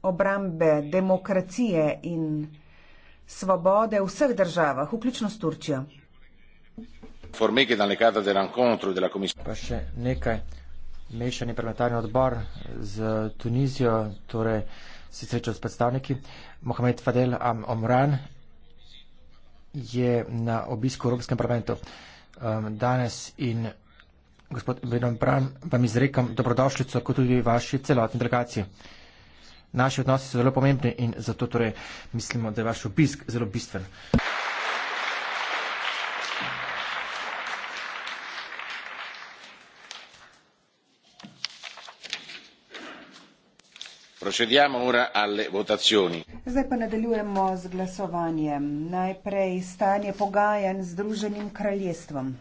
obrambe demokracije in svobode v vseh državah, vključno s Turčijo. Pa še nekaj. Mešani parlamentarni odbor z Tunizijo, torej si srečal s predstavniki. Mohamed Fadel Am Omran je na obisku v Evropskem parlamentu um, danes in gospod Benom Pran, vam izrekam dobrodošljico, kot tudi vaši celotni delegaciji. Naši odnosi so zelo pomembni in zato torej mislimo, da je vaš obisk zelo bistven. Procediamo ora alle votazioni. Zdaj pa nadaljujemo z glasovanjem. Najprej stanje pogajanj z Združenim kraljestvom.